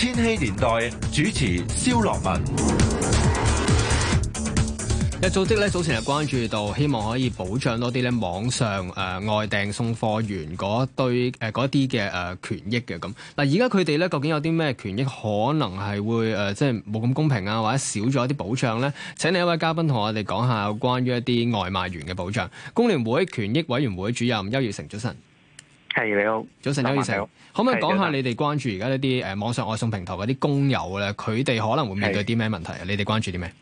天希年代主持肖樂文，一早即咧早前係關注到，希望可以保障多啲咧網上誒外訂送貨員嗰堆誒啲嘅誒權益嘅咁。嗱，而家佢哋咧究竟有啲咩權益可能係會誒即係冇咁公平啊，或者少咗一啲保障咧？請另一位嘉賓同我哋講下關於一啲外賣員嘅保障。工聯會權益委員會主任丘燿誠早晨。主係、hey, 你好，早晨，丘燿誠，可唔可以講、hey, 下你哋關注而家呢啲誒網上外送平台嗰啲工友咧，佢哋可能會面對啲咩問題？Hey. 你哋關注啲咩？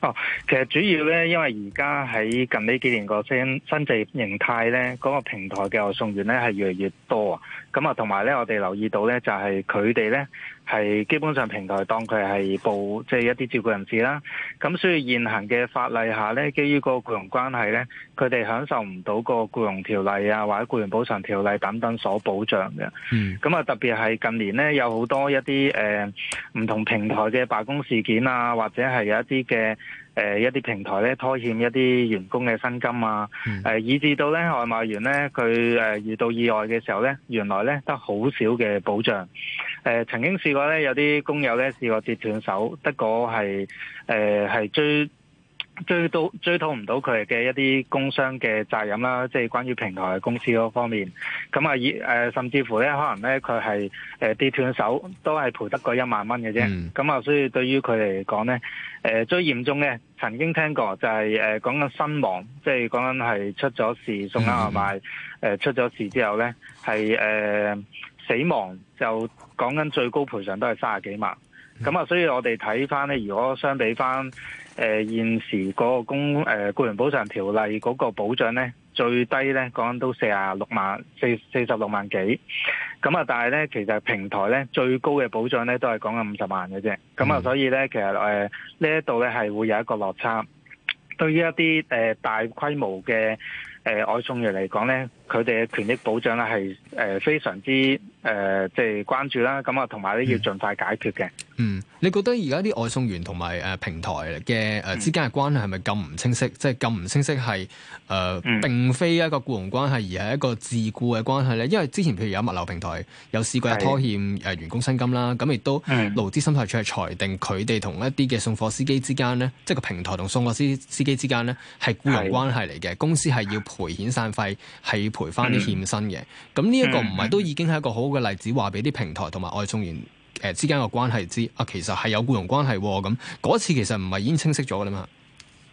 哦，其實主要咧，因為而家喺近呢幾年個新新制形態咧，嗰、那個平台嘅外送員咧係越嚟越多啊。咁啊，同埋咧，我哋留意到咧，就係佢哋咧。係基本上平台當佢係報，即係一啲照顧人士啦，咁所以現行嘅法例下咧，基於個僱傭關係咧，佢哋享受唔到個僱傭條例啊，或者僱員補償條例等等所保障嘅。嗯，咁啊，特別係近年咧，有好多一啲誒唔同平台嘅罷工事件啊，或者係有一啲嘅。誒一啲平台咧拖欠一啲員工嘅薪金啊，誒以至到咧外賣員咧佢誒遇到意外嘅時候咧，原來咧得好少嘅保障。誒曾經試過咧有啲工友咧試過跌斷手，得果係誒係追。追到追討唔到佢嘅一啲工傷嘅責任啦，即係關於平台公司嗰方面。咁啊，以甚至乎咧，可能咧佢係誒跌斷手都係賠得過一萬蚊嘅啫。咁、嗯、啊，所以對於佢嚟講咧，誒最嚴重嘅曾經聽過就係誒講緊身亡，即係講緊係出咗事送緊外賣，誒出咗事之後咧，係誒、呃、死亡就講緊最高賠償都係卅幾萬。咁啊，所以我哋睇翻咧，如果相比翻，誒、呃、現時個工誒僱、呃、員補償條例嗰個保障咧，最低咧講緊都四啊六萬四四十六萬幾。咁啊，但係咧，其實平台咧最高嘅保障咧都係講緊五十萬嘅啫。咁啊，所以咧，其實、呃、呢一度咧係會有一個落差，對於一啲誒、呃、大規模嘅誒、呃、外送業嚟講咧。佢哋嘅權益保障咧係誒非常之誒即係關注啦，咁啊同埋咧要盡快解決嘅。嗯，你覺得而家啲外送員同埋誒平台嘅誒之間嘅關係係咪咁唔清晰？嗯、即係咁唔清晰係誒、呃嗯、並非一個僱傭關係，而係一個自雇嘅關係咧？因為之前譬如有物流平台有試過拖欠誒員工薪金啦，咁亦都勞資審裁處係裁定佢哋同一啲嘅送貨司機之間咧，即係個平台同送貨司司機之間咧係僱傭關係嚟嘅，公司係要賠遣散費，係。賠返啲欠薪嘅，咁呢一個唔係都已經係一個好好嘅例子，話俾啲平台同埋外送員誒之間嘅關係知啊，其實係有僱傭關係咁，嗰次其實唔係已經清晰咗噶啦嘛。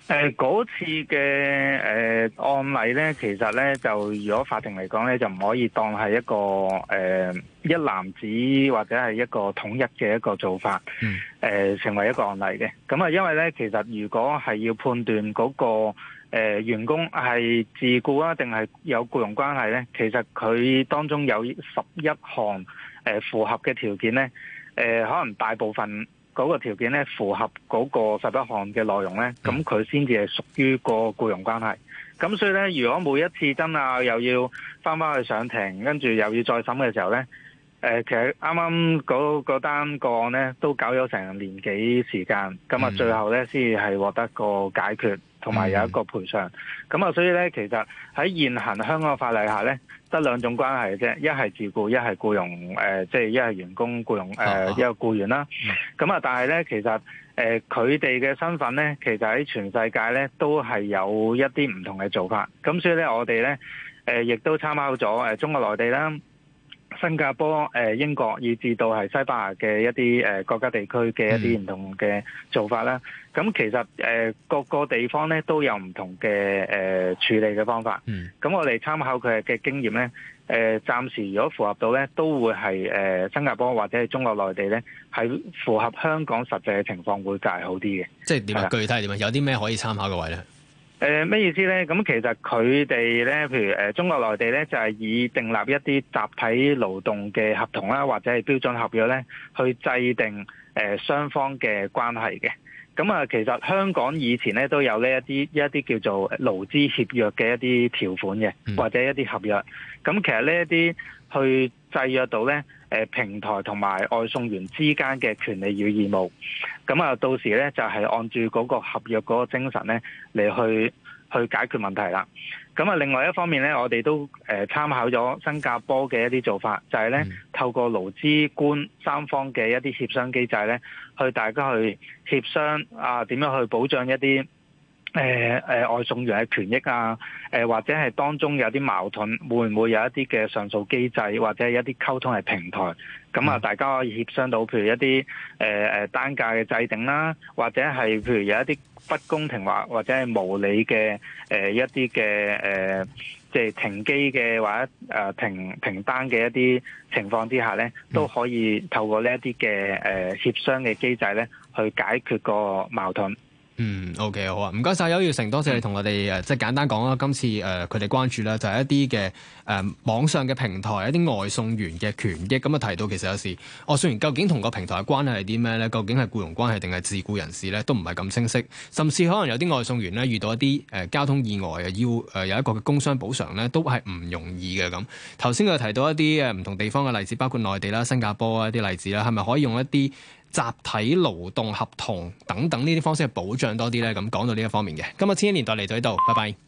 誒，嗰次嘅誒案例咧，其實咧就如果法庭嚟講咧，就唔可以當係一個誒一男子或者係一個統一嘅一個做法，誒成為一個案例嘅。咁啊，因為咧，其實如果係要判斷嗰個誒員工係自僱啊，定係有僱傭關係咧，其實佢當中有十一項誒符合嘅條件咧，誒可能大部分。嗰、那個條件咧，符合嗰個十一項嘅內容咧，咁佢先至係屬於個僱傭關係。咁所以咧，如果每一次真啊又要翻翻去上庭，跟住又要再審嘅時候咧，誒、呃，其實啱啱嗰嗰單個案咧都搞咗成年幾時間，咁啊最後咧先至係獲得個解決。同埋有一個賠償，咁啊，所以咧，其實喺現行香港法例下咧，得兩種關係嘅啫，一係自僱，一係僱傭，誒、呃，即、就、係、是、一係員工僱傭，誒、呃啊，一個僱員啦。咁啊，但係咧，其實誒佢哋嘅身份咧，其實喺全世界咧都係有一啲唔同嘅做法。咁所以咧，我哋咧亦都參考咗、呃、中國內地啦。新加坡、誒、呃、英國以至到係西班牙嘅一啲誒、呃、國家地區嘅一啲唔同嘅做法啦。咁、嗯、其實誒、呃、各個地方咧都有唔同嘅誒、呃、處理嘅方法。咁、嗯、我哋參考佢嘅經驗咧，誒、呃、暫時如果符合到咧，都會係誒、呃、新加坡或者係中國內地咧，係符合香港實際嘅情況會較好啲嘅。即係點啊？具體係點啊？有啲咩可以參考嘅位咧？誒咩意思呢？咁其實佢哋呢，譬如誒中國內地呢，就係以訂立一啲集體勞動嘅合同啦，或者係標準合約呢，去制定誒雙方嘅關係嘅。咁啊，其實香港以前咧都有呢一啲一啲叫做勞資協約嘅一啲條款嘅，或者一啲合約。咁其實呢一啲去制約到咧，誒平台同埋外送員之間嘅權利與義務。咁啊，到時咧就係按住嗰個合約嗰個精神咧嚟去。去解決問題啦。咁啊，另外一方面呢，我哋都誒、呃、參考咗新加坡嘅一啲做法，就係、是、呢透過勞資官三方嘅一啲協商機制呢，去大家去協商啊，點樣去保障一啲。誒、呃、誒、呃、外送員嘅權益啊，呃、或者係當中有啲矛盾，會唔會有一啲嘅上訴機制，或者係一啲溝通嘅平台？咁啊，大家可以協商到，譬如一啲誒誒單價嘅制定啦，或者係譬如有一啲不公平或或者係無理嘅誒、呃、一啲嘅誒，即、呃、係、就是、停機嘅或者停停單嘅一啲情況之下咧，都可以透過呢一啲嘅誒協商嘅機制咧，去解決個矛盾。嗯，OK，好啊，唔該晒丘燿誠，多謝你同我哋誒，即係簡單講啦，今次誒，佢、呃、哋關注呢就係、是、一啲嘅誒網上嘅平台，一啲外送員嘅權益咁啊，提到其實有時外送員究竟同個平台嘅關係係啲咩呢？究竟係雇傭關係定係自雇人士呢？都唔係咁清晰，甚至可能有啲外送員呢，遇到一啲誒、呃、交通意外啊，要誒、呃、有一個嘅工傷補償呢，都係唔容易嘅咁。頭先佢提到一啲誒唔同地方嘅例子，包括內地啦、新加坡啊一啲例子啦，係咪可以用一啲集體勞動合同等等呢啲方式嘅保障多啲咧，咁講到呢一方面嘅。今日千禧年代嚟到呢度，拜拜。